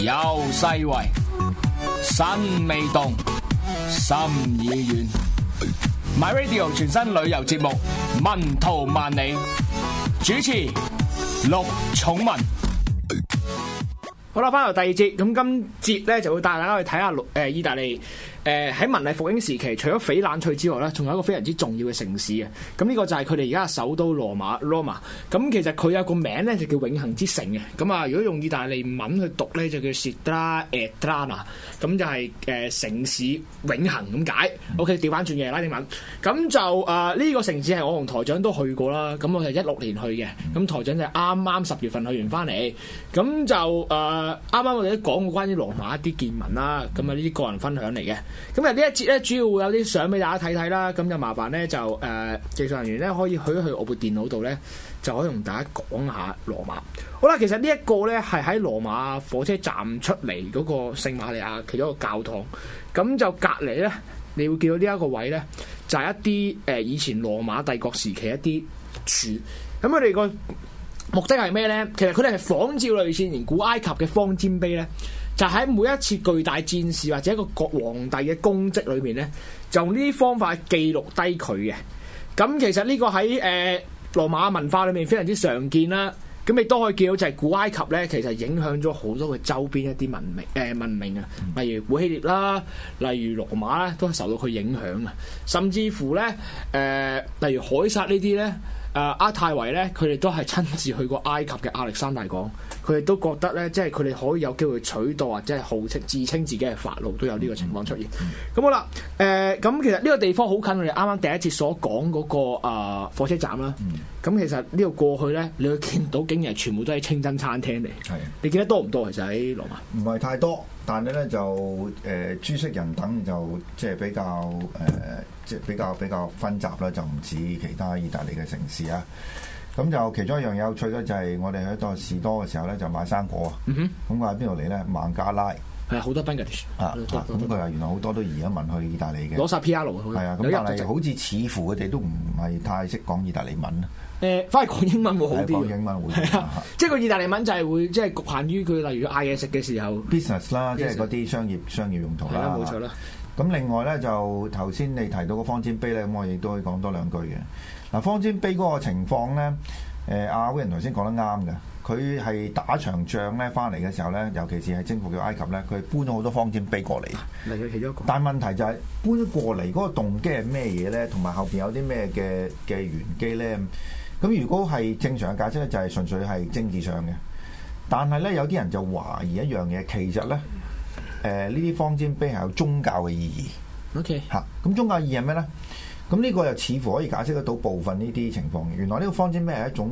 有世味，身未動，心已遠。My Radio 全新旅遊節目《文圖萬里》，主持陸寵文。好啦，翻嚟第二節，咁今節咧就會帶大家去睇下，誒、呃，意大利。誒喺文藝復興時期，除咗翡冷翠之外咧，仲有一個非常之重要嘅城市嘅。咁呢個就係佢哋而家首都羅馬。羅馬咁其實佢有個名咧，就叫永恆之城嘅。咁啊，如果用意大利文去讀咧，就叫 Sedra Atdana，就是。咁就係誒城市永恆咁解。嗯、OK，調翻轉嘅拉丁文。咁就誒呢、呃呢個城市係我同台長都去過啦。咁我係一六年去嘅。咁台長就啱啱十月份去完翻嚟。咁就誒啱啱我哋都講過關於羅馬一啲見聞啦。咁啊，呢啲個人分享嚟嘅。咁啊，呢一節咧，主要會有啲相俾大家睇睇啦。咁就麻煩咧，就誒、呃，技術人員咧可以去一去我部電腦度咧，就可以同大家講下羅馬。好啦，其實呢一個咧係喺羅馬火車站出嚟嗰個聖瑪利亞其中一個教堂。咁就隔籬咧，你會見到呢一個位咧，就係、是、一啲誒以前羅馬帝國時期一啲柱。咁佢哋個目的係咩咧？其實佢哋係仿照類似連古埃及嘅方尖碑咧。就喺每一次巨大戰事或者一個國皇帝嘅功績裏面呢，就用呢啲方法記錄低佢嘅。咁其實呢個喺誒、呃、羅馬文化裏面非常之常見啦。咁你都可以見到就係古埃及呢，其實影響咗好多嘅周邊一啲文明誒、呃、文明啊，例如古希臘啦，例如羅馬咧，都受到佢影響啊。甚至乎呢，誒、呃，例如凱撒呢啲咧，阿、呃、泰維呢，佢哋都係親自去過埃及嘅亞歷山大港。佢哋都覺得咧，即係佢哋可以有機會取代，或者係號稱自稱自己係法老，都有呢個情況出現。咁、嗯、好啦，誒、呃、咁其實呢個地方好近，我哋啱啱第一節所講嗰、那個啊火車站啦。咁、嗯、其實呢度過去咧，你會見到竟然全部都係清真餐廳嚟。嗯、你見得多唔多其實啊，喺羅馬？唔係太多，但係咧就誒諸色人等就即係、就是、比較誒，即、呃、係、就是、比較比較分集啦，就唔似其他意大利嘅城市啊。咁就其中一樣有趣咧，就係我哋喺度士多嘅時候咧，就買生果啊。咁佢喺邊度嚟咧？孟加拉。係啊，好多 budget 啊。咁佢又原來好多都移咗民去意大利嘅。攞曬 P.R. 係啊。咁但係就好似似乎佢哋都唔係太識講意大利文啊。誒，反而講英文會好啲。英文會即係個意大利文就係會即係侷限於佢，例如嗌嘢食嘅時候。business 啦，即係嗰啲商業商業用途啦。冇錯啦。咁另外咧，就頭先你提到個方尖碑咧，咁我亦都可以講多兩句嘅。嗱，方尖碑嗰個情況咧，誒阿威人頭先講得啱嘅，佢係打場仗咧，翻嚟嘅時候咧，尤其是係征服咗埃及咧，佢搬咗好多方尖碑過嚟。但係問題就係、是、搬過嚟嗰個動機係咩嘢咧？同埋後邊有啲咩嘅嘅玄機咧？咁如果係正常嘅解釋咧，就係、是、純粹係政治上嘅。但係咧，有啲人就懷疑一樣嘢，其實咧，誒呢啲方尖碑係有宗教嘅意義。OK、啊。嚇，咁宗教意義係咩咧？咁呢個又似乎可以解釋得到部分呢啲情況。原來呢個方尖咩係一種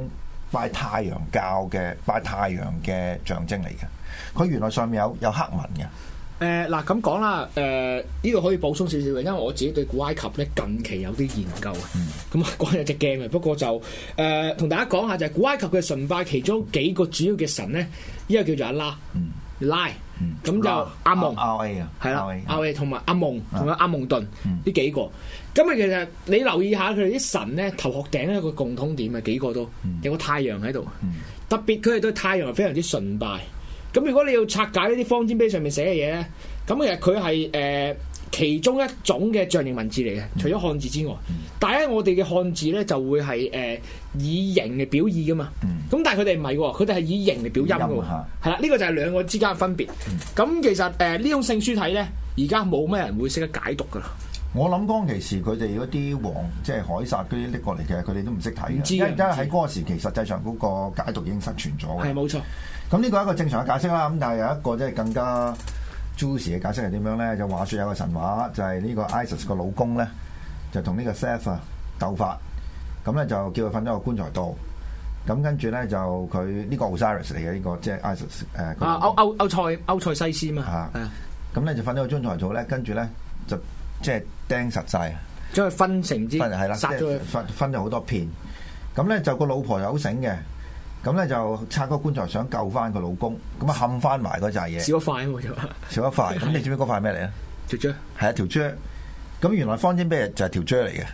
拜太陽教嘅拜太陽嘅象徵嚟嘅。佢原來上面有有刻文嘅。誒嗱咁講啦。誒呢個可以補充少少嘅，因為我自己對古埃及咧近期有啲研究。嗯。咁啊，講有隻鏡。不過就誒同大家講下，就係古埃及嘅崇拜其中幾個主要嘅神咧，呢個叫做阿拉，拉。嗯。咁就阿蒙。阿威啊。係啦。阿威同埋阿蒙同埋阿蒙頓，呢幾個。咁啊，其實你留意下佢哋啲神咧，頭殼頂咧個共通點啊，幾個都有個太陽喺度。嗯、特別佢哋對太陽係非常之崇拜。咁如果你要拆解呢啲方尖碑上面寫嘅嘢咧，咁其實佢係誒其中一種嘅象形文字嚟嘅，嗯、除咗漢字之外。但係咧，我哋嘅漢字咧就會係誒、呃、以形嚟表意噶嘛。咁、嗯、但係佢哋唔係喎，佢哋係以形嚟表音喎。係啦、嗯，呢、嗯呢個就係兩個之間嘅分別。咁其實誒呢、呃、種聖書體咧，而家冇咩人會識得解讀噶啦。我諗當其時佢哋嗰啲王即係凱撒嗰啲拎過嚟，嘅，佢哋都唔識睇。而家喺嗰個時期，實際上嗰個解讀已經失傳咗嘅。係冇錯。咁呢個係一個正常嘅解釋啦。咁但係有一個即係更加 juicy 嘅解釋係點樣咧？就話說有個神話就係、是、呢個 Isis 個 IS 老公咧，就同呢個 Seth 啊鬥法。咁咧就叫佢瞓咗個棺材度。咁跟住咧就佢呢、呢個 Osiris 嚟嘅呢個，即係 Isis 誒。啊，歐歐歐塞歐塞西斯啊嘛。嚇。咁咧就瞓咗個棺材度咧，跟住咧就。即係釘實晒，將佢分成支，係啦了，分分咗好多片。咁咧就個老婆又好醒嘅，咁咧就拆個棺材想救翻個老公，咁啊冚翻埋嗰隻嘢，少一塊啊嘛，少一塊。咁你知唔知嗰塊係咩嚟咧？雀車？係啊，條雀。咁原來方尖碑就係條雀嚟嘅。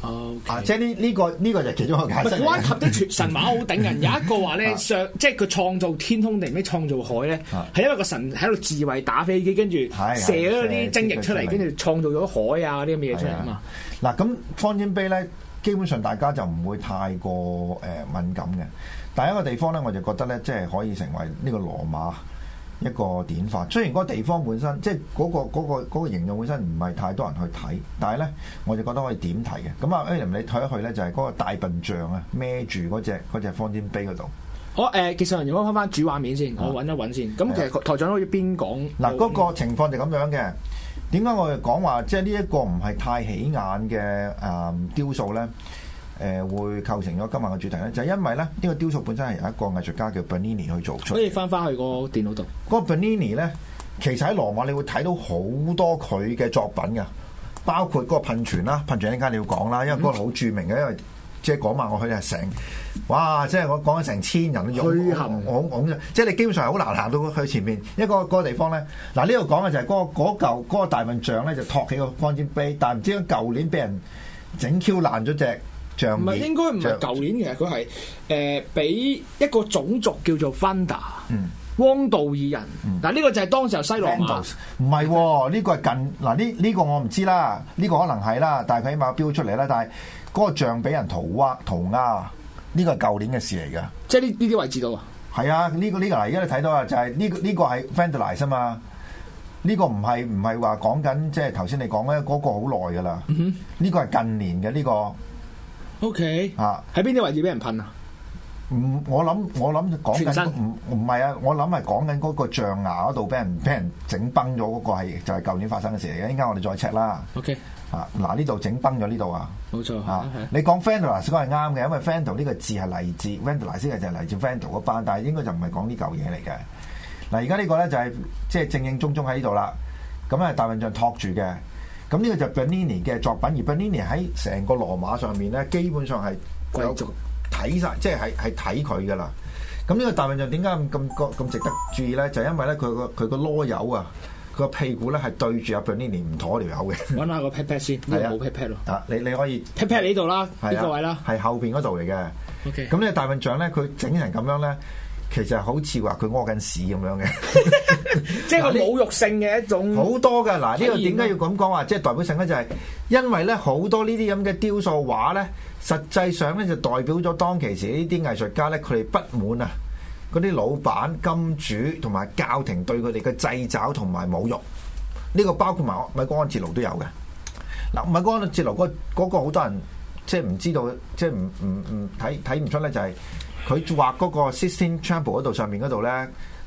哦 Okay.、啊，即係呢呢個呢、這個就其中一個解釋啦。及得神馬好頂人，是 有一個話咧上， 即係佢創造天空定咩創造海咧，係 因為一個神喺度自衞打飛機，跟住射咗啲精液出嚟，跟住創造咗海啊啲咁嘢出嚟啊嘛。嗱咁、啊、方尖碑咧，基本上大家就唔會太過誒敏感嘅，但係一個地方咧，我就覺得咧，即係可以成為呢個羅馬。一個點法，雖然嗰個地方本身，即係、那、嗰個嗰、那個嗰、那個、本身唔係太多人去睇，但係咧，我就覺得可以點睇嘅。咁啊 a r 你睇一去咧就係、是、嗰個大笨象啊，孭住嗰隻隻方天碑嗰度。好，誒、呃，其實如果翻翻主畫面先，啊、我揾一揾先。咁其實台長可以邊講？嗱、啊，嗰、那個情況就咁樣嘅。點解我哋講話，即係呢一個唔係太起眼嘅誒、呃、雕塑咧？誒會構成咗今晚嘅主題咧，就係、是、因為咧呢、這個雕塑本身係由一個藝術家叫 Bernini 去做，所以翻翻去個電腦度。嗰個 Bernini 咧，其實喺羅馬你會睇到好多佢嘅作品噶，包括嗰個噴泉啦，噴泉一陣間你要講啦，因為嗰個好著名嘅，因為即係講埋我去成，哇！即係我講咗成千人去行，我我即係你基本上係好難行到去前面一為嗰個地方咧，嗱呢度講嘅就係嗰嗰舊個大笨象咧，就托起個方尖碑，但係唔知舊年俾人整 Q 爛咗隻。唔係應該唔係舊年，嘅象。佢係誒俾一個種族叫做 Vandal，、嗯、汪道爾人。嗱呢、嗯、個就係當時候西羅唔係喎，呢、哦、個係近嗱呢呢個我唔知啦，呢、嗯、個可能係啦，但係佢起碼標出嚟啦。但係嗰個像俾人塗畫塗鴉，呢、這個係舊年嘅事嚟㗎。即係呢呢啲位置度啊？係、這、啊、個，呢、這個呢、這個嚟，而家你睇到啊，就係、是、呢、這個呢、這個係 vandalize 嘛？呢、這個唔係唔係話講緊，即係頭先你講咧嗰個好耐㗎啦。呢、這個係、mm hmm. 近年嘅呢個。O K，啊，喺邊啲位置俾人噴啊？唔，我諗我諗講緊唔唔係啊，我諗係講緊嗰個象牙嗰度俾人俾人整崩咗，那個，嗰個係就係、是、舊年發生嘅事嚟嘅。依家我哋再 check 啦。O Okay . K，啊，嗱呢度整崩咗呢度啊，冇錯啊。你講 Vandal 講係啱嘅，因為 Vandal 呢個字係嚟自 Vandal，呢個就係嚟自 Vandal 個班，但係應該就唔係講啲舊嘢嚟嘅。嗱，而家呢個咧就係即係正正宗宗喺呢度啦。咁啊，就是就是、中中大笨象托住嘅。咁呢個就、嗯、Bernini 嘅作品，而 Bernini 喺成個羅馬上面咧，基本上係繼續睇晒，即係係，係睇佢噶啦。咁呢、嗯這個大笨象點解咁咁咁值得注意咧？就是、因為咧佢個佢個蘿柚啊，佢、啊、個屁股咧係對住阿 Bernini 唔妥條友嘅。揾下個 pat pat 先，因為冇 pat pat 咯。啊，你你可以 pat pat 呢度啦，呢、啊、個位啦，係後邊嗰度嚟嘅。OK、嗯。咁、嗯、呢、嗯、個大笨象咧，佢整成咁樣咧。其實好似話佢屙緊屎咁樣嘅 即係個侮辱性嘅一種 的。好多噶，嗱，呢個點解要咁講話？即係代表性咧，就係因為咧好多呢啲咁嘅雕塑畫咧，實際上咧就代表咗當其時呢啲藝術家咧，佢哋不滿啊，嗰啲老闆、金主同埋教廷對佢哋嘅製造同埋侮辱。呢個包括埋米高安哲羅都有嘅。嗱，米高安哲羅嗰嗰個好多人即係唔知道，即係唔唔唔睇睇唔出咧，就係。佢畫嗰個 Sistine Chapel 嗰度上面嗰度咧，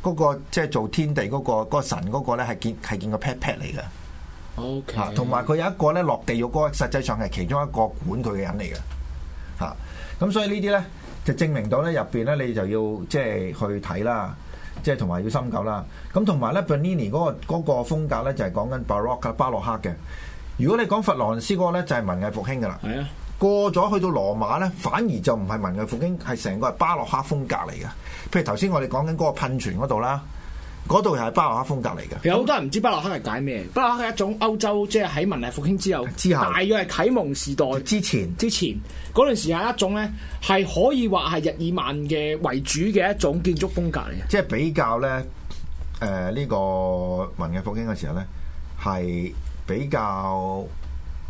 嗰個即係做天地嗰、嗰個嗰個神嗰個咧係見係見個 pat pat 嚟嘅，嚇。同埋佢有一個咧落地獄嗰個，實際上係其中一個管佢嘅人嚟嘅，嚇、啊。咁所以呢啲咧就證明到咧入邊咧你就要即係、即係、去睇啦，即係同埋要深究啦。咁同埋咧 Bernini 嗰、嗰個嗰、嗰個、風格咧就係講緊 Baroque 巴洛克嘅。如果你講佛羅倫斯嗰個咧就係、係、文藝復興噶啦。係啊。過咗去到羅馬呢，反而就唔係文藝復興，係成個係巴洛克風格嚟嘅。譬如頭先我哋講緊嗰個噴泉嗰度啦，嗰度又係巴洛克風格嚟嘅。有好多人唔知巴洛克係解咩？巴洛克係一種歐洲，即係喺文藝復興之後，之後大約係啟蒙時代之前。之前嗰陣時係一種呢係可以話係日耳曼嘅為主嘅一種建築風格嚟嘅、嗯。即係比較呢，誒、呃、呢、呢個文藝復興嘅時候呢，係比較。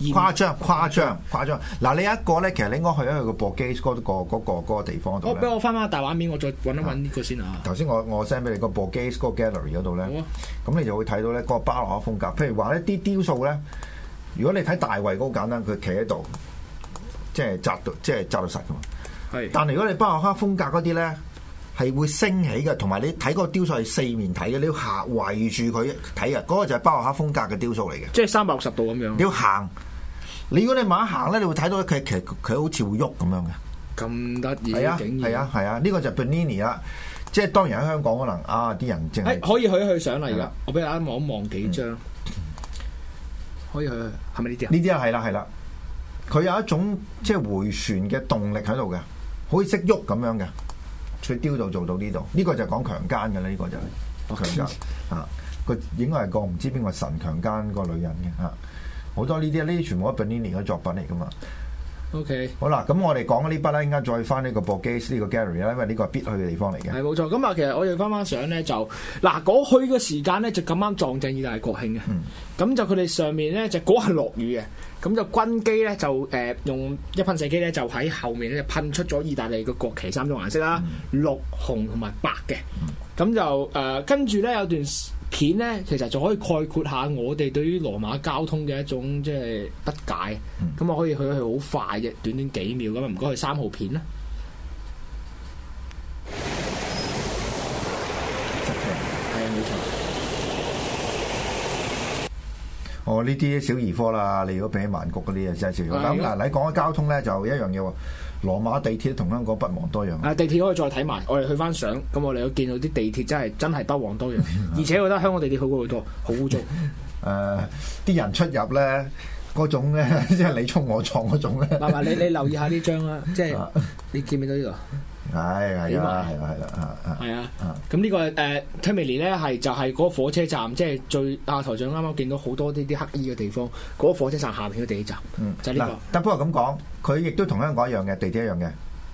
誇張誇張誇張！嗱，你一個咧，其實你應該去一去、那個 Borghese 嗰個嗰個嗰個地方度。我俾、哦、我翻翻大畫面，我再揾一揾呢個先啊！頭先我我 send 俾你個 Borghese 嗰個 gallery 嗰度咧。咁、啊、你就會睇到咧嗰個巴洛克風格。譬如話咧啲雕塑咧，如果你睇大衞嗰個簡單，佢企喺度，即係扎到，即係扎到紮實嘅嘛。係是。但係如果你巴洛克風格嗰啲咧，係會升起嘅，同埋你睇嗰個雕塑係四面睇嘅，你要行圍住佢睇嘅。嗰、那個就係巴洛克風格嘅雕塑嚟嘅。即係三百六十度咁樣。你要行。你如果你慢行咧，你會睇到佢，其實佢好似會喐咁樣嘅。咁得意啊！竟然係啊，係啊，呢、啊這個就 Bernini 啦。即係當然喺香港可能啊，啲人淨係。哎、欸，可以去去上嚟而、啊、我俾大家望一望幾張，嗯、可以去，去，係咪呢啲呢啲啊，係啦、啊，係啦、啊。佢有一種即係迴旋嘅動力喺度嘅，可以識喐咁樣嘅，佢雕到做到呢度。呢、這個就講強姦嘅啦，呢、這個就是。強姦、oh, 啊！個、啊、應該係個唔知邊個神強姦個女人嘅嚇。啊啊好多呢啲呢啲全部都 Bernini 嘅作品嚟噶嘛？OK，好啦，咁我哋講筆呢筆咧，應該再翻呢個博基斯呢個 Gallery 啦，因為呢個係必去嘅地方嚟嘅。係冇錯，咁啊，其實我哋翻翻相咧，就嗱嗰去嘅時間咧，就咁啱撞正意大利國慶嘅，咁、嗯、就佢哋上面咧就嗰日落雨嘅，咁就軍機咧就誒、呃、用一噴射機咧就喺後面咧噴出咗意大利嘅國旗三種顏色啦，嗯、綠紅同埋白嘅，咁、嗯、就誒、呃、跟住咧有段。片咧，其實仲可以概括下我哋對於羅馬交通嘅一種即係不解。咁啊，我可以去去好快嘅，短短幾秒咁啊，唔該，去三號片啦。係啊，冇錯。哦，呢啲小兒科啦，你如果俾曼谷嗰啲啊，真係小兒科。咁嗱，你講緊交通咧，就一樣嘢喎。羅馬地鐵同香港不遑多讓。啊，地鐵可以再睇埋，嗯、我哋去翻相，咁、嗯、我哋都見到啲地鐵真係真係不遑多讓，嗯、而且我覺得香港地鐵好過好多，好污糟。誒、呃，啲人出入咧，嗰種咧，即 係你衝我撞嗰種咧。嗱嗱、啊，你你留意下呢張啦、啊，即係、啊、你見唔見到呢、呢個？係係啦，係啦，係啦，啊啊！係啊，咁呢、這個誒，Termini 咧係就係、是、嗰個火車站，即係最阿台長啱啱見到好多呢啲黑衣嘅地方，嗰個火車站下面嘅地鐵站，嗯，就係呢、這個、嗯。但不過咁講，佢亦都同香港一樣嘅地鐵一樣嘅，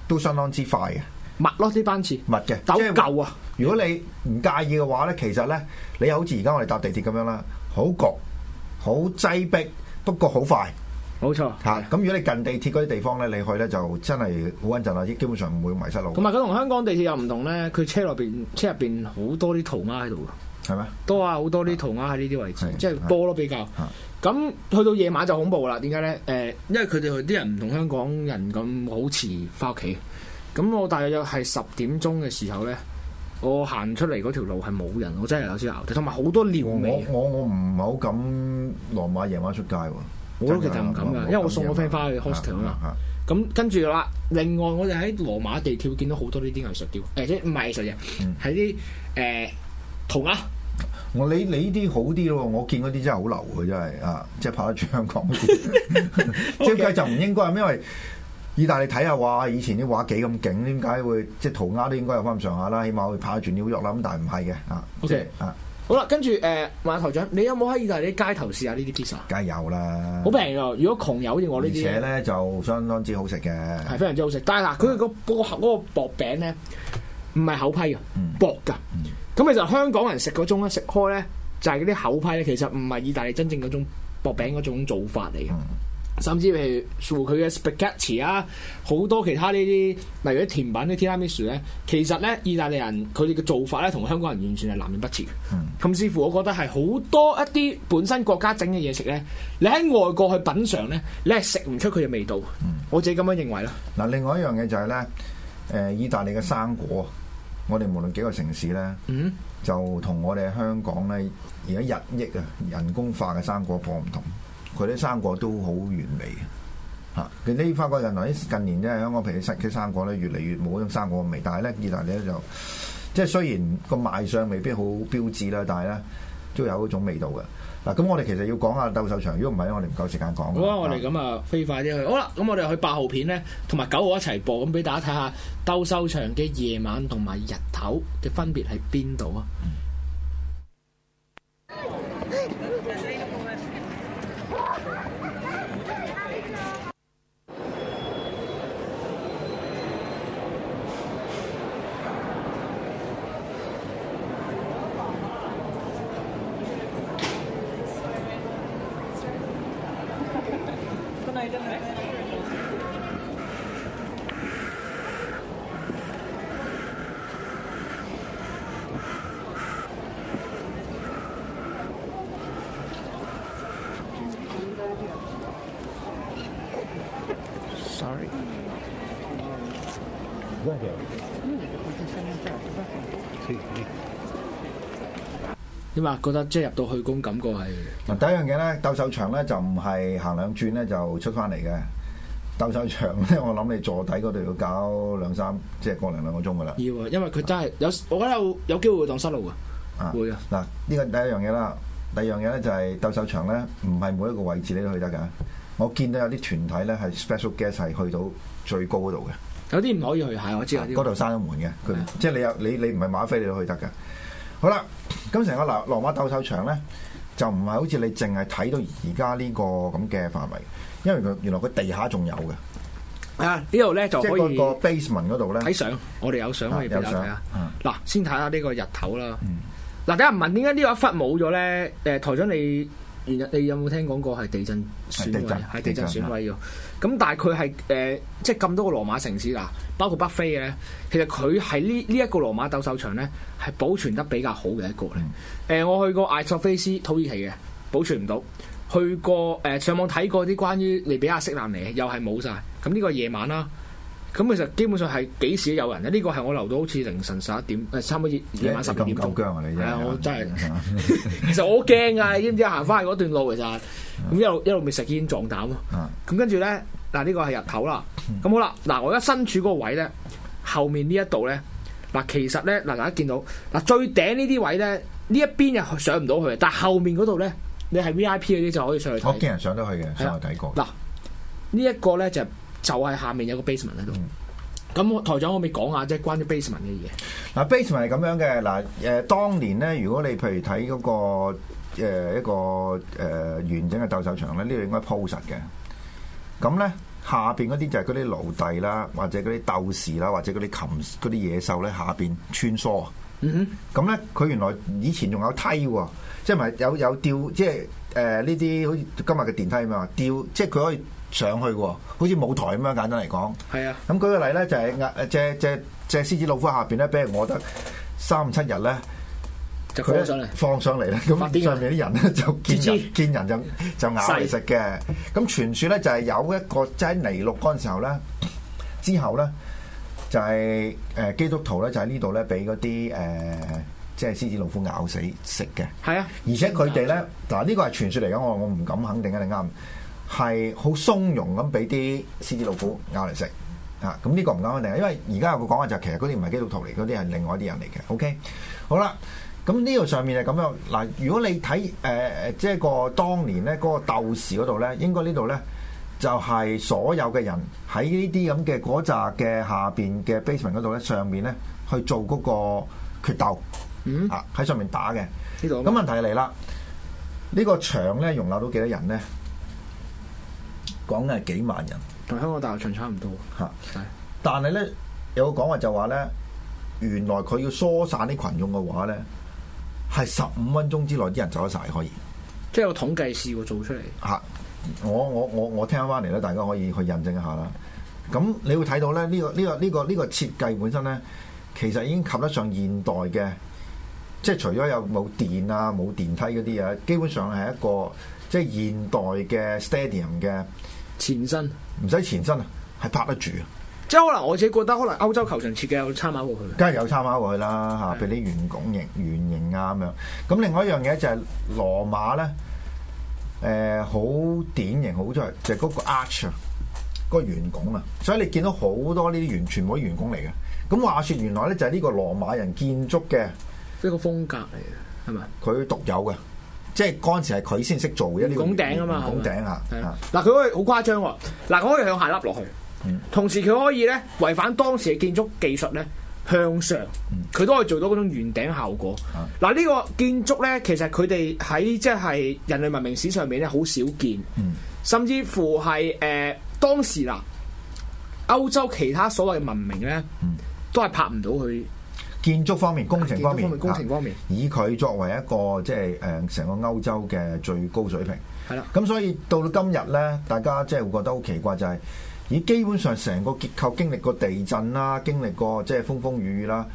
都相當之快嘅，密咯啲班次，密嘅的，即係舊啊！如果你唔介意嘅話咧，其實咧，你好似而家我哋搭地鐵咁樣啦，好焗，好擠迫，不過好快。冇錯，嚇、啊！咁、嗯、如果你近地鐵嗰啲地方咧，你去咧就真係好穩陣啦，亦基本上唔會迷失路。同埋佢同香港地鐵又唔同咧，佢車入邊車入邊好多啲塗鴉喺度㗎，係咩嗎？多啊，好、嗯、多啲塗鴉喺呢啲位置，是即係多咯比較。咁是、嗯、去到夜晚就恐怖啦，點解咧？誒、呃，因為佢哋啲人唔同香港人咁好遲翻屋企。咁我大約係十點鐘嘅時候咧，我行出嚟嗰條路係冇人，我真係有啲嚇，同埋好多尿味。我我我唔係好敢羅馬夜晚上出街喎。我都其實唔敢㗎，因為我送我 friend 翻去 hostel 啊、嗯。咁、嗯嗯嗯、跟住啦，另外我哋喺羅馬地跳見到好多呢啲藝術雕，誒、呃、即唔係藝術嘅，係啲誒塗鴉。我你你呢啲好啲咯，我見嗰啲真係好流嘅真係啊，即係拍得住香港啲。即係就唔應該，因為意大利睇下哇，以前啲畫幾咁勁，點解會即係塗鴉都應該有翻咁上下啦？起碼會拍得住紐約啦。咁但係唔係嘅啊。O Okay . K 啊。好啦，跟住誒，馬、呃、頭長，你有冇喺意大利街頭試下呢啲披薩？梗係有啦，好平㗎，如果窮友好似我呢啲，而且咧就相當之好食嘅，係非常之好食。但係嗱，佢、嗯、個嗰個嗰薄餅咧，唔係厚批啊，薄㗎。咁、嗯、其實香港人食嗰種咧，食開咧就係嗰啲厚批咧，其實唔係意大利真正嗰種薄餅嗰種做法嚟嘅。嗯甚至譬如佢嘅 spaghetti 啊，好多其他呢啲，例如啲甜品啲 tiramisu 咧，其實咧意大利人佢哋嘅做法咧，同香港人完全係南轅北轍嘅。咁、嗯，似乎我覺得係好多一啲本身國家整嘅嘢食咧，你喺外國去品嘗咧，你係食唔出佢嘅味道。嗯、我自己咁樣認為啦。嗱，另外一樣嘢就係、是、咧，誒、呃，意大利嘅生果，我哋無論幾個城市咧，嗯，就同我哋香港咧而家日益啊人工化嘅生果頗唔同。佢啲生果都好完美嘅，嚇、啊！你發覺原來近年即係香港皮裏食嘅生果咧，越嚟越冇嗰種生果味。但係咧，意大利咧就即係雖然個賣相未必好標致啦，但係咧都有嗰種味道嘅。嗱、啊，咁我哋其實要講下鬥獸場，如果唔係，我哋唔夠時間講。好啊吧，好吧，我哋咁啊飛快啲去。好啦，咁我哋去八號片咧，同埋九號一齊播，咁俾大家睇下鬥獸場嘅夜晚同埋日頭嘅分別喺邊度啊？嗯點解覺得即係入到去宮感覺係？嗱，第一樣嘢咧，鬥獸場咧就唔係行兩轉咧就出翻嚟嘅。鬥獸場咧，我諗你坐底嗰度要搞兩三，即係個零兩個鐘噶啦。要啊，因為佢真係有，我覺得有有機會會蕩失路嘅。啊，會啊。嗱，呢個第一樣嘢啦，第二樣嘢咧就係鬥獸場咧，唔係每一個位置你都去得㗎。我見到有啲團體咧係 special guest 係去到最高度嘅。有啲唔可以去嚇，我知道，嗰度閂咗門嘅，佢即係你有你你唔係馬飛你都去得㗎。好啦，咁成個羅羅馬鬥獸場咧，就唔係好似你淨係睇到而家呢個咁嘅範圍，因為佢原來佢地下仲有嘅。啊，呢度咧就可以。即係嗰個 basement 嗰度咧。睇相，我哋有相可以俾你睇啊。嗱，先睇下呢個日頭啦。嗱、嗯，大家問點解呢個一忽冇咗咧？誒，台長你。你有冇聽講過係地震損毀？係地震損毀喎。咁震但係佢係誒，即係咁多個羅馬城市嗱，包括北非嘅，其實佢係呢呢一個羅馬鬥獸場咧，係保存得比較好嘅一個咧。誒、嗯呃，我去過艾索菲斯土耳其嘅保存唔到，去過誒、呃、上網睇過啲關於利比亞色納尼嘅又係冇晒。咁呢個夜晚啦。咁其實基本上係幾時有人咧？呢個係我留到好似凌晨十一點，誒差唔多夜晚十二點鐘。咁緊張啊！你真係，其實我好驚啊！你知唔知行翻去嗰段路其實咁一路一路未食煙撞膽咯。咁跟住咧嗱，呢個係入口啦。咁好啦，嗱我而家身處嗰個位咧，後面呢一度咧嗱，其實咧嗱大家見到嗱最頂呢啲位咧，呢一邊又上唔到去，但係後面嗰度咧，你係 V I P 嗰啲就可以上去睇。我見人上到去嘅，上去睇過。嗱呢一個咧就。就係下面有個 basement 喺度、嗯。咁台長，可唔可以講下啫？關於 basement 嘅嘢。嗱、啊、basement 係咁樣嘅。嗱、呃、誒，當年咧，如果你譬如睇嗰、那個、呃、一個誒、呃呃、完整嘅鬥獸場咧，呢度應該鋪實嘅。咁咧下邊嗰啲就係嗰啲奴隸啦，或者嗰啲鬥士啦，或者嗰啲禽嗰啲野獸咧下邊穿梭。嗯嗯哼。咁咧，佢原來以前仲有梯喎、啊，即係咪有有，有吊？即係誒呢啲好似今日嘅電梯啊嘛，吊即係佢可以。上去喎，好似舞台咁樣簡單嚟講。係啊，咁舉個例咧，就係隻隻隻獅子老虎下邊咧，比如我得三五七日咧，就放上嚟，放上嚟啦。咁上邊啲人咧就見人見人就就咬嚟食嘅。咁傳説咧就係有一個即係尼祿嗰陣時候咧，之後咧就係誒基督徒咧就喺呢度咧俾嗰啲誒即係獅子老虎咬死食嘅。係啊，而且佢哋咧嗱呢個係傳説嚟嘅，我我唔敢肯定一定啱。係好松容咁俾啲獅子老虎咬嚟食啊！咁呢個唔啱定？因為而家有個講法就係其實嗰啲唔係基督徒嚟，嗰啲係另外一啲人嚟嘅。OK，好啦，咁呢度上面係咁樣嗱、啊。如果你睇誒即係個當年咧嗰、嗰個鬥士嗰度咧，應該呢度咧就係、係、所有嘅人喺呢啲咁嘅嗰扎嘅下邊嘅 basement 嗰度咧，上面咧去做嗰個決鬥、嗯、啊喺上面打嘅。呢個咁問題嚟啦，呢個、呢個牆咧容納到幾多人咧？講嘅係幾萬人，同香港大學場差唔多。嚇是，是但係咧有個講話就話咧，原來佢要疏散啲群眾嘅話咧，係十五分鐘之內啲人走得晒可以。即係有統計試過做出嚟。嚇！我我我我聽翻嚟咧，大家可以去印證一下啦。咁你會睇到咧，呢個呢個呢個呢個設計本身咧，其實已經及得上現代嘅，即係除咗有冇電啊冇電梯嗰啲呀，基本上係一個即係、就是、現代嘅 stadium 嘅。前身唔使前身啊，係拍得住啊，即係可能我自己覺得可能歐洲球場設計有參考過去，梗係有參考過去啦吓，譬如啲圓拱形、圓形啊咁樣。咁另外一樣嘢就係羅馬咧，誒、呃，好典型、好出，就係嗰個 arch 啊，個圓拱啊。所以你見到好多呢啲完全部啲圓拱嚟嘅。咁話說，原來咧就係呢個羅馬人建築嘅一個風格嚟嘅，係咪？佢獨有嘅。即係嗰陣時係佢先識做一啲拱頂啊嘛，拱頂嗎啊，嗱佢、啊、可以好誇張喎、啊，嗱佢可以向下凹落去，嗯、同時佢可以咧違反當時嘅建築技術咧向上，佢、嗯、都可以做到嗰種圓頂效果。嗱呢、啊啊呢個建築咧，其實佢哋喺即係人類文明史上面咧好少見，嗯、甚至乎係誒、呃、當時嗱歐洲其他所謂嘅文明咧，都係拍唔到佢。建築方面、工程方面、工程方面，啊、以佢作為一個即係誒成個歐洲嘅最高水平。係啦的，咁所以到到今日呢，大家即係會覺得好奇怪，就係、是、以基本上成個結構經歷過地震啦，經歷過即係、就是、風風雨雨啦，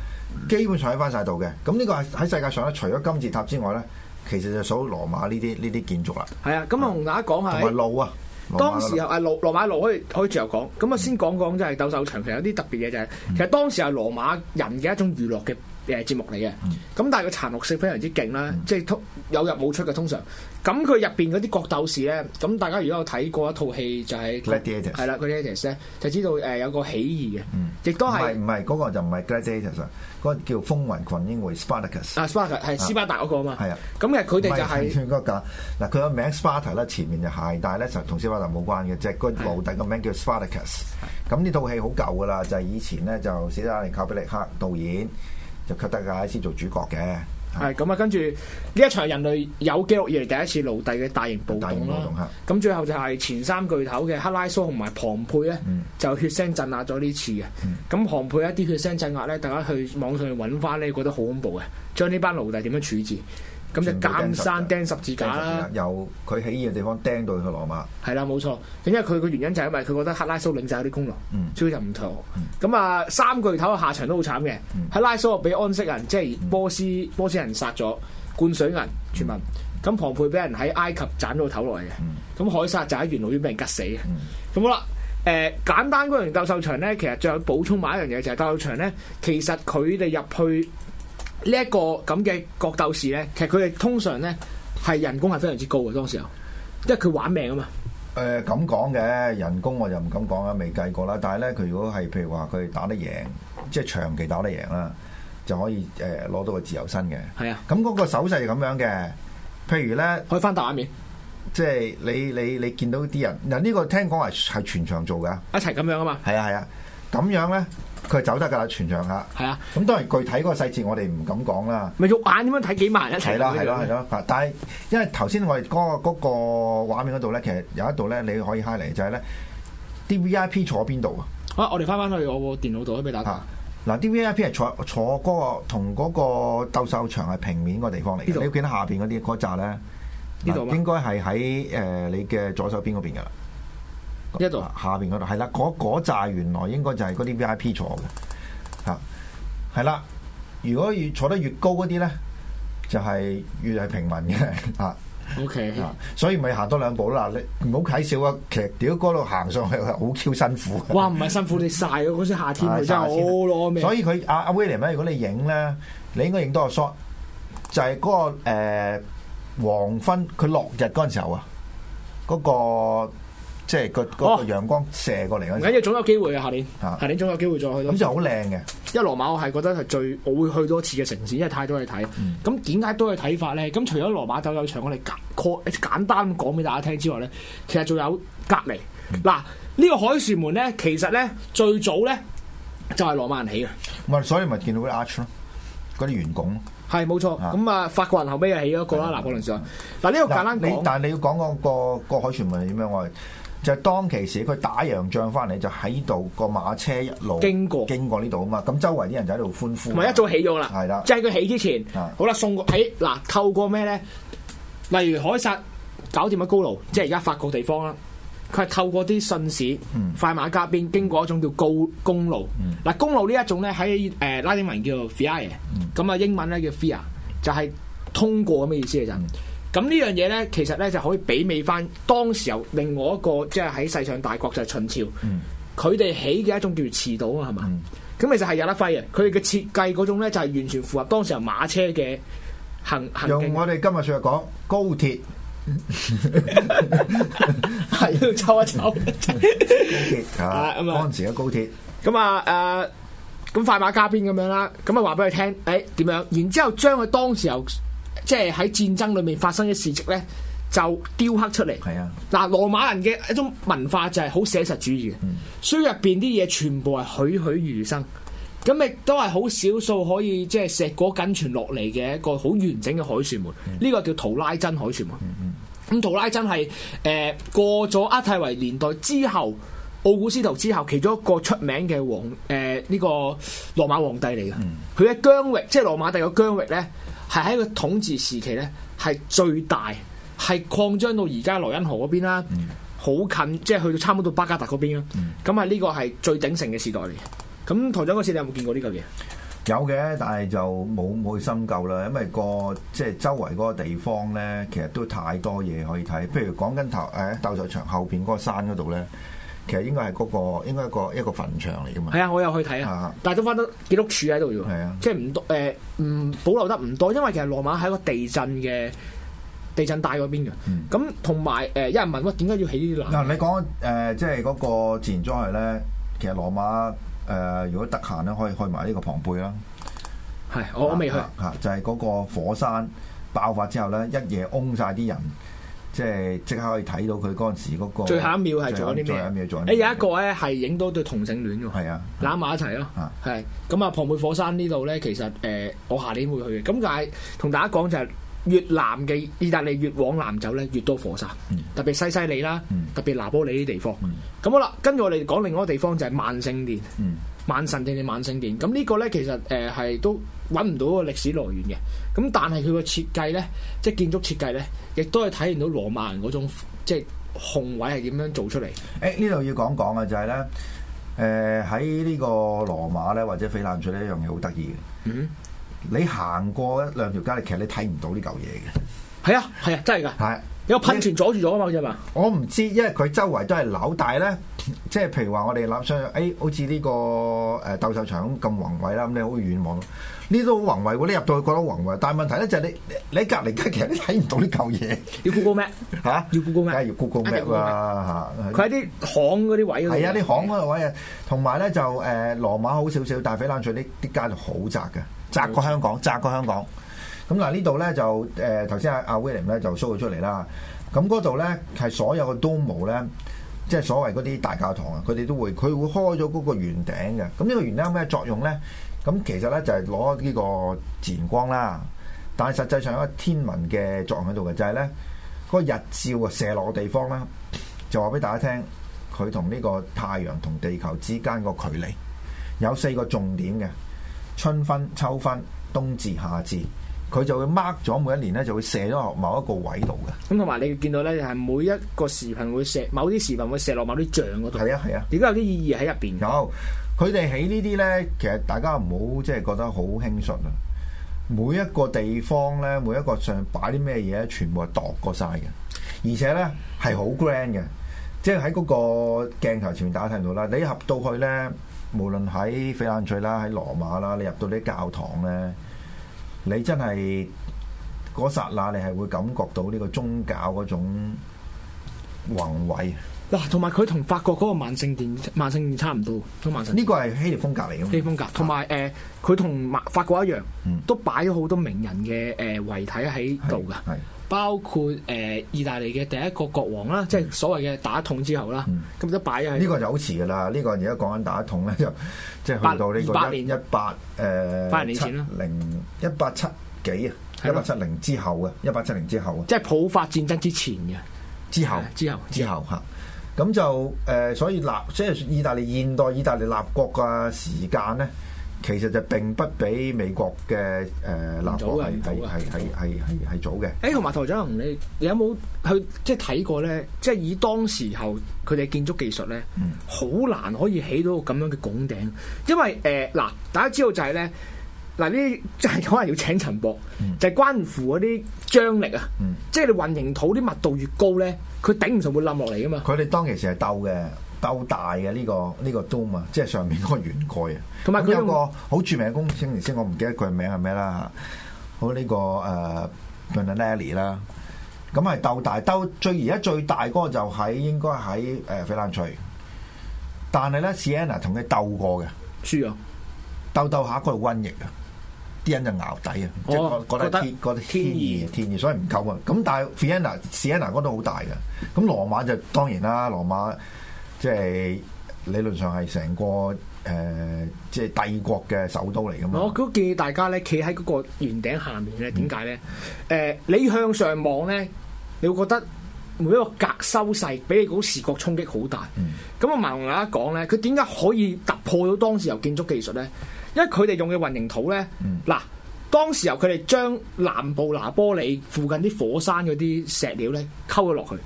基本上喺翻晒度嘅。咁呢個係喺世界上咧，除咗金字塔之外呢，其實就數羅馬呢啲呢啲建築啦。係啊，咁同大家講下同埋路啊。當時候啊，羅羅羅馬路可以可以自由講咁啊，我先講講就係鬥獸場，其實有啲特別嘅，就係、是，其實當時係羅馬人嘅一種娛樂嘅。誒節目嚟嘅，咁但係個殘酷性非常之勁啦，嗯、即係通有入冇出嘅通常。咁佢入邊嗰啲角鬥士咧，咁大家如果有睇過一套戲就係、是、Gladiator 係啦 Gladiator 就知道誒有個起義嘅，亦都係唔係唔係嗰個就唔係 Gladiator 嗰個叫風 us、啊《風雲群英會》Spartacus Spartacus 係斯巴達嗰個啊嘛，係啊的，咁嘅佢哋就係嗱佢個名 Spartacus 前面就鞋帶咧就同斯巴達冇關嘅，隻個老弟個名叫 Spartacus 的。咁呢套戲好舊噶啦，就係、是、以前咧就史丹利寇比力克導演。確得噶，先做主角嘅。係咁啊，跟住，呢一場人類有記錄以嚟第一次奴隸嘅大型暴動啦。咁最後就係前三巨頭嘅克拉蘇同埋龐培咧，嗯、就血腥鎮壓咗呢次嘅。咁龐培一啲血腥鎮壓咧，大家去網上去揾翻咧，覺得好恐怖嘅。將呢班奴隸點樣處置？咁就鑿山釘十字架啦，由佢喺依個地方釘到去羅馬。係啦，冇錯。咁因為佢個原因就係因為佢覺得克拉蘇領曬啲功勞，超最緊唔妥。咁啊，三巨頭嘅下場都好慘嘅。克拉蘇俾安息人，即係波斯波斯人殺咗，灌水銀，傳聞。咁龐培俾人喺埃及斬咗個頭落嚟嘅。咁凱撒就喺元老院俾人吉死嘅。咁好啦，誒，簡單嗰樣鬥獸場咧，其實最補充埋一樣嘢就係鬥獸場咧，其實佢哋入去。這這呢一個咁嘅角鬥士咧，其實佢哋通常咧係人工係非常之高嘅，當時候，因為佢玩命啊嘛。誒、呃，咁講嘅人工，我就唔敢講啦，未計過啦。但係咧，佢如果係譬如話佢打得贏，即係長期打得贏啦，就可以誒攞、呃、到個自由身嘅。係啊，咁嗰個手勢係咁樣嘅，譬如咧，可以翻大畫面，即係你你你見到啲人，嗱、這、呢個聽講話係全場做噶，一齊咁樣啊嘛。係啊係啊，咁、啊、樣咧。佢走得噶啦，全場嚇。係啊。咁當然具體嗰個細節我哋唔敢講啦，咪肉眼點樣睇幾萬人一齊、 啊？係咯係咯係咯。但係因為頭先我哋嗰、嗰個嗰、嗰個、畫面嗰度咧，其實有一度咧你可以 high 嚟，就係咧啲 V I P 坐邊度啊？啊，我哋翻翻去我部電腦度都俾你睇下。嗱、啊，啲 V I P 係坐坐嗰、嗰個同嗰個鬥獸場係平面個地方嚟嘅。你見到下邊嗰啲嗰紮咧？呢度應該係喺誒你嘅左手邊嗰邊噶啦。一度下邊嗰度係啦，嗰嗰扎原來應該就係嗰啲 V I P 坐嘅，吓係啦。如果越坐得越高嗰啲咧，就係、是、越係平民嘅，吓。O K，吓，所以咪行多兩步啦。你唔好睇小啊，其實屌嗰度行上去好超辛苦。哇，唔係辛苦 你晒啊，嗰時夏天啊真係好攞命。噢所以佢阿阿 William 咧，如果你影咧，你應該影多個 shot，就係、是、嗰、那個誒、呃、黃昏，佢落日嗰陣時候啊，嗰、那個。即係個個陽光射過嚟嗰陣，唔緊要，總有機會嘅。下年，下年總有機會再去。咁就好靚嘅。一羅馬我係覺得係最，我會去多次嘅城市，因為太多嘢睇。咁點解多嘅睇法咧？咁除咗羅馬鬥獸場，我哋簡確簡單講俾大家聽之外咧，其實仲有隔離。嗱，呢個凱旋門咧，其實咧最早咧就係羅馬人起嘅。所以咪見到啲 arch 咯，嗰啲圓拱。係冇錯。咁啊，法國人後尾又起咗個啦。嗱，我哋講。嗱呢個簡單但係你要講講個個凱旋門係點樣我？就係當其時佢打洋仗翻嚟，就喺度個馬車一路經過經過呢度啊嘛，咁周圍啲人就喺度歡呼。唔係一早起咗啦，係啦的，即係佢起之前。的好啦，送個哎嗱，透過咩咧？例如凱撒搞掂嘅高盧，嗯、即係而家法國地方啦。佢係透過啲信使，嗯、快馬加鞭經過一種叫高公路。嗱、嗯，公路呢一種咧喺誒拉丁文叫做 via，咁啊英文咧叫 via 就係通過咁嘅意思嚟就。咁呢樣嘢咧，其實咧就可以媲美翻當時候另外一個即係喺世上大國就係秦朝，佢哋、嗯、起嘅一種叫做馳道」，啊、嗯，係嘛？咁其實係有得揮嘅，佢哋嘅設計嗰種咧就係完全符合當時候馬車嘅行行。行用我哋今日上日講高鐵，係要抽一抽去 高鐵係嘛？當時嘅高鐵。咁啊誒，咁快馬加鞭咁樣啦，咁啊話俾佢聽，誒點樣？然之後將佢當時候。即係喺戰爭裏面發生嘅事蹟咧，就雕刻出嚟。係啊，嗱，羅馬人嘅一種文化就係好寫實主義嘅，書入邊啲嘢全部係栩栩如生，咁亦都係好少數可以即係石果僅存落嚟嘅一個好完整嘅凱旋門。呢、嗯、個叫圖拉真凱旋門。咁圖、嗯嗯嗯、拉珍係誒過咗阿泰維年代之後，奧古斯都之後，其中一個出名嘅皇誒呢個羅馬皇帝嚟嘅。佢嘅疆域即係羅馬帝國疆域咧。係喺個統治時期咧，係最大，係擴張到而家萊茵河嗰邊啦，好、嗯、近，即係去到差唔多到巴格達嗰邊啦。咁啊、嗯，呢個係最鼎盛嘅時代嚟。咁台長嗰時你有冇見過呢個嘢？有嘅，但係就冇去深究啦，因為、嗰個即係周圍嗰個地方咧，其實都太多嘢可以睇。譬如講緊頭誒鬥獸場後邊嗰個山嗰度咧。其實應該係嗰個，應該一個一個墳場嚟噶嘛。係啊，我有去睇啊，但係都翻得幾碌柱喺度嘅。係啊，即係唔多誒，唔、呃、保留得唔多，因為其實羅馬係個地震嘅地震帶嗰邊嘅。咁同埋誒，有、呃、人問點解要起呢啲樓？嗱、啊，你講誒，即係嗰自然災害咧，其實羅馬誒、呃，如果得閒咧，可以去埋呢個龐貝啦。係、啊，我、啊、我未去吓、啊啊，就係、是、嗰個火山爆發之後咧，一夜翁晒啲人，家人，家人家。即係即刻可以睇到佢嗰陣時嗰、那個。最後一秒係做啲咩？最後一秒做啲咩？誒有一個咧，係影到對同性戀㗎。係啊，攬埋一齊咯。係咁啊，龐貝火山呢度咧，其實誒、呃、我下年會去嘅。咁但係同大家講就係、是。越南嘅意大利越往南走咧，越多火山，嗯、特別西西里啦，嗯、特別拿波里啲地方。咁、嗯、好啦，跟住我哋講另外一個地方就係萬聖殿，嗯、萬神殿定萬聖殿。咁呢個咧其實誒係、呃、都揾唔到個歷史來源嘅。咁但係佢個設計咧，即係建築設計咧，亦都係體現到羅馬人嗰種即係宏偉係點樣做出嚟。誒、欸，呢度要講講嘅就係、是、咧，誒喺呢個羅馬咧或者翡冷翠呢一樣嘢好得意嘅。嗯。你行過一兩條街，你其實你睇唔到呢嚿嘢嘅。係啊，係啊，真係㗎。係有噴泉阻住咗啊嘛，嗰隻嘛。我唔知，因為佢周圍都係樓，但係咧，即係譬如話我哋諗，想誒，好似呢個誒鬥獸場咁宏偉啦，咁你好遠望，呢都好宏偉喎。你入到去覺得宏偉，但係問題咧就係你你喺隔籬街，其實你睇唔到呢嚿嘢。要 Google 咩？嚇？要 Google 咩？梗係要 Google Map 啦嚇。佢喺啲巷嗰啲位。係啊，啲巷嗰度位啊，同埋咧就誒羅馬好少少，但係翡冷翠呢啲街道好窄㗎。紮過香港，紮過香港。咁嗱，呢度咧就誒頭先阿阿 William 咧就 show 咗出嚟啦。咁嗰度咧係所有嘅 dome 咧，即係所謂嗰啲大教堂啊，佢哋都會佢會開咗嗰個圓頂嘅。咁呢個圓頂有咩作用咧？咁其實咧就係攞呢個自然光啦。但係實際上有個天文嘅作用喺度嘅，就係咧嗰個日照啊射落嘅地方咧，就話俾大家聽，佢同呢個太陽同地球之間個距離有四個重點嘅。春分、秋分、冬至、夏至，佢就會 mark 咗每一年咧，就會射咗落某一個位度嘅。咁同埋你見到咧，係每一個時份會射某啲時份會射落某啲像嗰度。係啊係啊，點解有啲意義喺入邊。有，佢哋喺呢啲咧，其實大家唔好即係覺得好輕率啊。每一個地方咧，每一個上擺啲咩嘢咧，全部係度過晒嘅，而且咧係好 grand 嘅，即係喺嗰個鏡頭前面大家睇到啦。你一合到去咧。無論喺翡冷翠啦，喺羅馬啦，你入到啲教堂咧，你真係嗰剎那，你係會感覺到呢個宗教嗰種宏偉。嗱、啊，同埋佢同法國嗰個萬聖殿、萬聖殿差唔多，同萬聖殿呢個係希臘風格嚟嘅嘛。希臘風格同埋誒，佢同法法國一樣，都擺咗好多名人嘅誒遺體喺度㗎。嗯包括誒、呃、意大利嘅第一個國王啦，即係所謂嘅大一統之後啦，咁都、嗯、擺喺。呢、嗯這個就好遲噶啦，呢、這個而家講緊大一統咧，就即、是、係去到呢個一八誒七零一八七幾啊，一八七零之後啊，一八七零之後啊，即係普法戰爭之前嘅後後、啊，之後之後之後嚇，咁、嗯啊、就誒、呃，所以立即係意大利現代意大利立國嘅時間咧。其實就並不比美國嘅誒南港係係係係係早嘅。誒同埋台長，你有冇去即係睇過咧？即係以當時候佢哋建築技術咧，好、嗯、難可以起到咁樣嘅拱頂，因為誒嗱、呃，大家知道就係咧嗱，呢啲就係可能要請陳博，嗯、就係關乎嗰啲張力啊，嗯、即係你混凝土啲密度越高咧，佢頂唔順會冧落嚟㗎嘛。佢哋當其時係鬥嘅。鬥大嘅呢個呢個 Dome 啊，即係上面嗰個圓蓋啊。同埋佢有個好著名嘅工程嚟先，我唔記得佢名係咩啦。好呢個誒 Brunel 啦，咁係鬥大鬥最而家最大嗰個就喺應該喺誒翡冷翠，但係咧，Siena 同佢鬥過嘅，輸啊，鬥鬥下嗰度瘟疫啊，啲人就熬底啊，即係覺得天意天意，所以唔夠啊。咁但係 Siena Siena 嗰度好大嘅，咁羅馬就當然啦，羅馬。即係理論上係成個誒、呃，即係帝國嘅首都嚟噶嘛？我都建議大家咧，企喺嗰個圓頂下面咧，點解咧？誒、嗯呃，你向上望咧，你會覺得每一個格收細俾你嗰視覺衝擊好大。咁我慢龍鴨講咧，佢點解可以突破到當時由建築技術咧？因為佢哋用嘅混凝土咧，嗱、嗯，當時由佢哋將南部拿波里附近啲火山嗰啲石料咧，溝咗落去，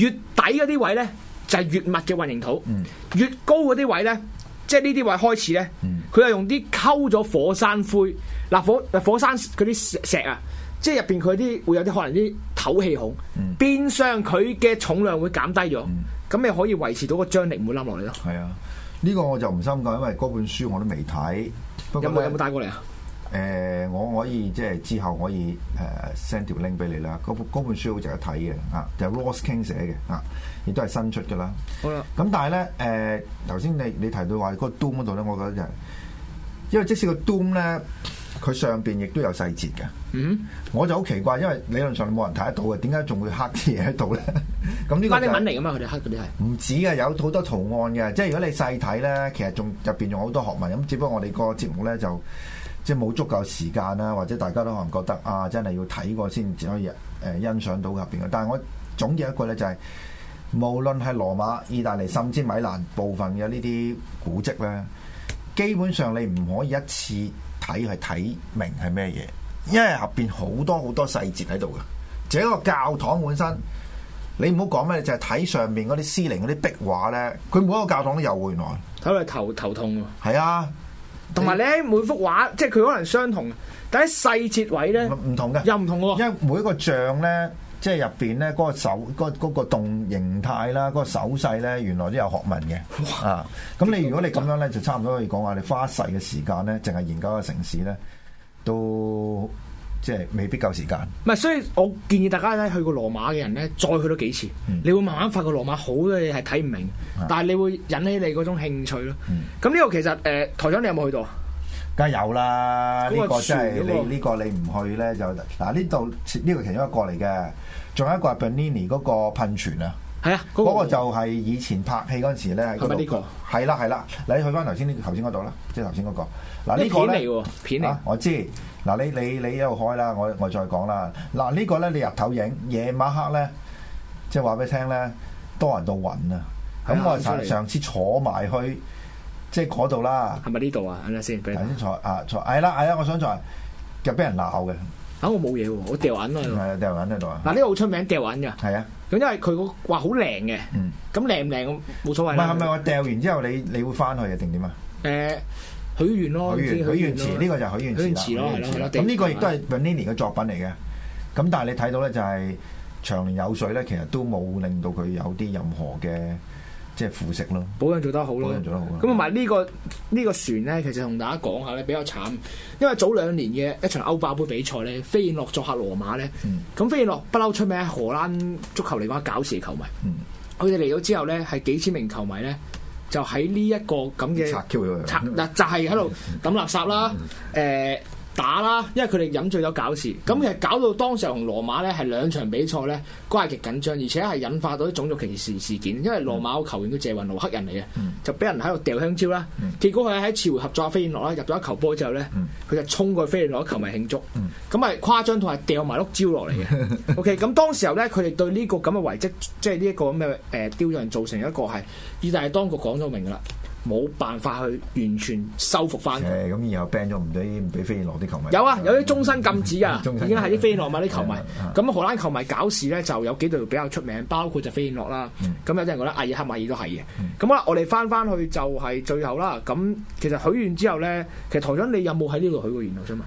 越、嗯、底嗰啲位咧。就係越密嘅混凝土，越高嗰啲位咧，即係呢啲位開始咧，佢又用啲溝咗火山灰，嗱火火山嗰啲石啊，即係入邊佢啲會有啲可能啲透氣孔，變、嗯、相佢嘅重量會減低咗，咁又、嗯、可以維持到個張力唔會冧落嚟咯。係啊，呢、呢個我就唔深究，因為嗰本書我都未睇。有冇有冇帶過嚟啊？誒、呃，我可以即係之後可以誒 send、呃、條 link 俾你啦。嗰本本書好值得睇嘅啊，就係、Ross King 寫嘅啊，亦都係新出噶啦。好啦的。咁但係咧誒，頭、呃、先你你提到話嗰個 doom 嗰度咧，我覺得就係、因為即使個 doom 咧，佢上邊亦都有細節嘅。嗯哼我就好奇怪，因為理論上冇人睇得到嘅，點解仲會黑啲嘢喺度咧？咁呢個關啲文嚟噶嘛？佢哋黑嗰啲係唔止嘅，有好多圖案嘅。即係如果你細睇咧，其實仲入邊仲好多學問。咁只不過我哋個節目咧就。即係冇足夠時間啦，或者大家都可能覺得啊，真係要睇過先至可以誒欣賞到入邊嘅。但係我總結一句呢、就是，就係無論係羅馬、意大利，甚至米蘭部分嘅呢啲古跡呢，基本上你唔可以一次睇係睇明係咩嘢，因為入邊好多好多細節喺度嘅。整個教堂本身，你唔好講咩，就係、是、睇上面嗰啲師靈嗰啲壁畫呢，佢每一個教堂都有原來，睇嚟頭頭痛喎。係啊。同埋咧，每幅畫即係佢可能相同，但係細節位咧唔同嘅，又唔同嘅。因為每一個像咧，即係入邊咧，嗰、嗰個手、嗰個動形態啦，嗰、嗰個手勢咧，原來都有學問嘅。哇啊，咁你如果你咁樣咧，就差唔多可以講話，你花一世嘅時間咧，淨係研究個城市咧，都即係未必夠時間。唔係，所以我建議大家咧去過羅馬嘅人咧，再去多幾次，嗯、你會慢慢發覺羅馬好多嘢係睇唔明，嗯、但係你會引起你嗰種興趣咯。咁呢個其實誒、呃，台長你有冇去到啊？梗係有啦，呢個即係你呢那個，個你唔去咧就嗱，呢度呢個其中一個嚟嘅，仲有一個係貝尼尼嗰個噴泉啊。係啊，嗰個就係以前拍戲嗰陣時咧呢個，係啦係啦，你去翻頭先頭先嗰度啦，即係頭先嗰個，嗱呢個片嚟嘅，片嚟，我知，嗱你你你喺度開啦，我我再講啦，嗱呢個咧你入頭影，夜晚黑咧，即係話俾你聽咧，多人到暈啊，咁我上次坐埋去，即係嗰度啦，係咪呢度啊？等下先，頭先坐啊坐，係啦係啦，我想再，就俾人鬧嘅，啊我冇嘢喎，我掉銀啊，係啊掉銀喺度啊，嗱呢個好出名掉銀噶，係啊。咁因為佢個話好靚嘅，咁靚唔靚？冇所謂。唔係唔係，係咪我掉完之後你，你你會翻去定點啊？誒、欸，許願咯，許願池，許願池呢個就許願池咯。咁呢個亦都係 Bernini 嘅作品嚟嘅。咁但係你睇到咧，就係長年有水咧，其實都冇令到佢有啲任何嘅。即係腐蝕咯，保養做得好咯，做得好，咁同埋呢個呢個船咧，其實同大家講下咧比較慘，因為早兩年嘅一場歐霸杯比賽咧，飛燕諾作客羅馬咧，咁飛燕諾不嬲出名，荷蘭足球嚟講搞事球迷，佢哋嚟咗之後咧係幾千名球迷咧，就喺呢一個咁嘅，嗱就係喺度抌垃圾啦，誒。打啦，因為佢哋飲醉咗搞事，咁、嗯、其實搞到當時同羅馬咧係兩場比賽咧，關係極緊張，而且係引發到啲種族歧視事，事件，因為羅馬個球員都係謝雲奴黑人嚟嘅，嗯、就俾人喺度掉香蕉啦，嗯、結果佢喺喺次回合作阿飛燕諾啦，入咗一球波之後咧，佢、嗯、就衝過去飛燕諾球迷慶祝，咁咪、嗯嗯、誇張同埋掉埋碌蕉落嚟嘅。OK，咁當時候咧，佢哋對呢個咁嘅遺跡，即係呢一個咁嘅誒雕像，造成一個係，意大利當局講咗明啦。冇辦法去完全修復翻嘅，咁然後病咗唔俾唔俾飛燕諾啲球迷，嗯嗯嗯、有啊，有啲終身禁止啊， 已經係啲飛燕諾嘛啲球迷。咁、嗯嗯、荷蘭球迷搞事咧，就有幾隊比較出名，包括就飛燕諾啦。咁有啲人覺得阿爾克馬爾都係嘅。咁啊、嗯嗯嗯，我哋翻翻去就係最後啦。咁其實許完之後咧，其實台長你有冇喺呢度許過願啊？啫、嗯？嘛、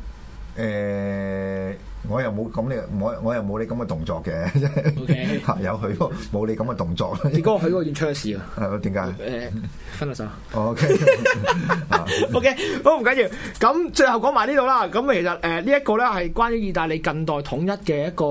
嗯。問。我又冇咁你，我我又冇你咁嘅動作嘅，朋友佢冇你咁嘅動作。你哥佢嗰件出事啊？係咯 麼？點解、呃？分咗手。 OK、嗯。OK。好，唔緊要。咁最後講埋呢度啦。咁其實誒呢一個咧係關於意大利近代統一嘅一個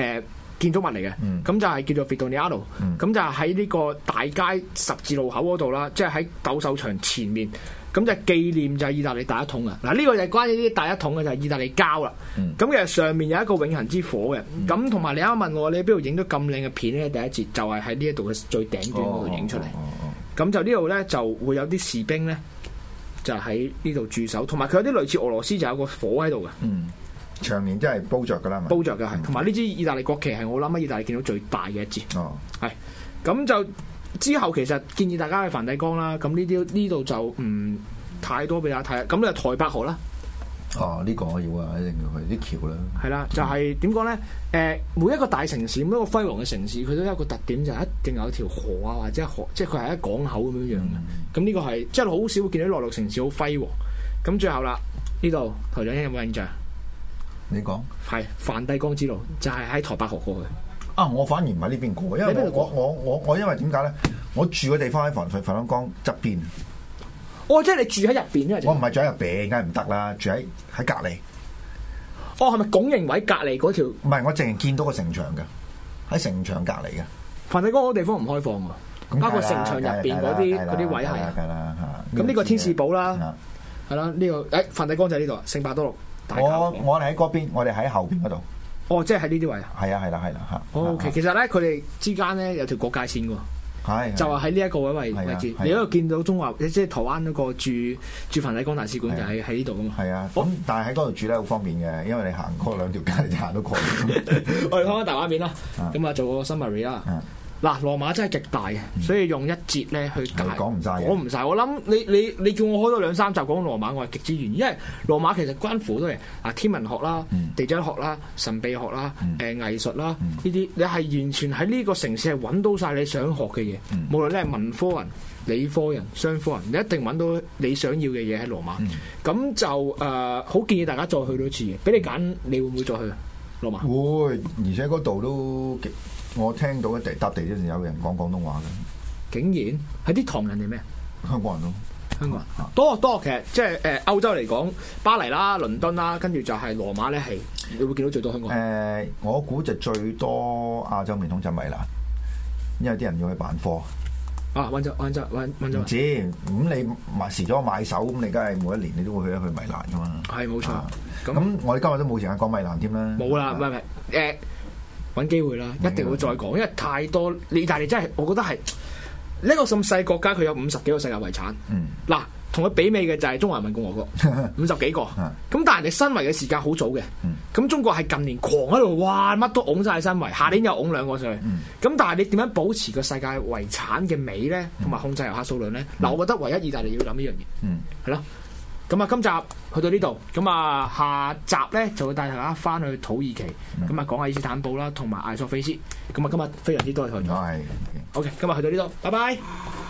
誒建築物嚟嘅。咁就係叫做 Vittoriano、 嗯。咁就喺呢個大街十字路口嗰度啦，即係喺鬥獸場前面。咁就紀念就係、是、意大利第一桶啦！嗱，呢個就係關於啲第一桶嘅就係、是、意大利交膠啦。咁其實上面有一個永恒之火嘅，咁同埋你啱啱問我你邊度影咗咁靚嘅片咧？第一節就係、是、喺、哦哦哦、呢一度嘅最頂端嗰度影出嚟。咁就呢度咧就會有啲士兵咧就喺呢度駐守，同埋佢有啲類似俄羅斯就有個火喺度嘅。嗯，長年真係煲着噶啦，煲着嘅係。同埋呢支意大利國旗係我諗喺意大利見到最大嘅一支。哦，係。咁就。之後其實建議大家去梵蒂岡啦，咁呢啲呢度就唔太多俾大家睇啦。咁咧，台伯河啦，哦呢、啊呢個要啊，一定要去。啲橋啦。係啦，就係點講咧？誒，每一個大城市，每一個輝煌嘅城市，佢都有一個特點，就係、一定有條河啊，或者河，即係佢係一港口咁樣樣嘅。咁呢、嗯、個係即係好少見到內陸城市好輝煌。咁最後啦，呢度台長兄有冇印象？你講說係梵蒂岡之路，就係、是、喺台伯河過去。啊！我反而唔喺呢邊過，因為我我我我，我因為點解咧？我住嘅地方喺梵蒂岡側邊。哦，即係你住喺入邊，我唔係住喺入邊，梗係唔得啦！住喺喺隔籬。哦，係咪拱形位隔籬嗰條？唔係，我淨係見到個城牆噶，喺城牆隔籬嘅。梵蒂岡嗰地方唔開放啊，包括城牆入邊嗰啲啲位係。咁呢個天使堡啦，係啦的，呢個誒，梵蒂岡就喺呢度聖伯多祿。我我哋喺嗰邊，我哋喺後邊嗰度。哦，oh, 即係喺呢啲位 啊！係啊，係啦、啊，係啦、啊，吓。哦，其其實咧，佢哋之間咧有條國界線㗎。係是。就話喺呢一個位位置，啊啊、你一度見到中華，即、就、係、是、台灣嗰個駐駐梵蒂岡大使館就喺喺呢度噶嘛。係啊。咁、嗯嗯、但係喺嗰度住咧好方便嘅，因為你行嗰兩條街你就行到過。我哋開翻大畫面啦，咁啊做個 summary 啦、啊。嗱，羅馬真係極大嘅，嗯、所以用一節咧去解，講唔晒，我諗你你你叫我開多兩三集講羅馬，我係極之願意，因為羅馬其實關乎好多嘢啊，天文學啦、嗯、地質學啦、神秘學啦、誒、嗯呃、藝術啦呢啲、嗯，你係完全喺呢個城市係揾到晒你想學嘅嘢，嗯、無論你係文科人、理科人、商科人，你一定揾到你想要嘅嘢喺羅馬。咁、嗯、就誒，好、呃、建議大家再去多次嘅。俾你揀，你會唔會再去羅馬？會，而且嗰度都極。我聽到一地搭地之前，有人講廣東話嘅，竟然係啲唐人嚟咩啊？香港人咯，香港人多多，多。其實即係誒歐洲嚟講，巴黎啦、倫敦啦，跟住就係羅馬咧，係你會見到最多香港人。誒、呃，我估就最多亞洲面孔就米蘭，因為啲人要去辦貨。啊，文州，文州，文文唔止咁你買時裝買手咁，你梗係每一年你都會去一去米蘭噶嘛。係冇錯。咁、啊、那我哋今日都冇時間講米蘭添啦。冇啦了，唔咪。唔、呃呃呃呃揾機會啦，一定會再講，因為太多。意大利真係，我覺得係呢、這個咁細國家，佢有五十幾個世界遺產。嗯，嗱，同佢媲美嘅就係中華人民共和國，五十幾個。咁 但係你申遺嘅時間好早嘅，咁、嗯、中國係近年狂喺度，哇，乜都擁曬申遺，下年又拱兩個上去。咁、嗯、但係你點樣保持個世界遺產嘅美咧，同埋控制遊客數量咧？嗱、嗯，我覺得唯一意大利要諗呢樣嘢，嗯，係咯。咁啊，今集去到呢度，咁啊，下集咧就會帶大家翻去土耳其，咁啊、嗯、講下伊斯坦堡啦，同埋艾索菲斯。咁啊，今日非常之多謝台長。OK，今日去到呢度，拜拜。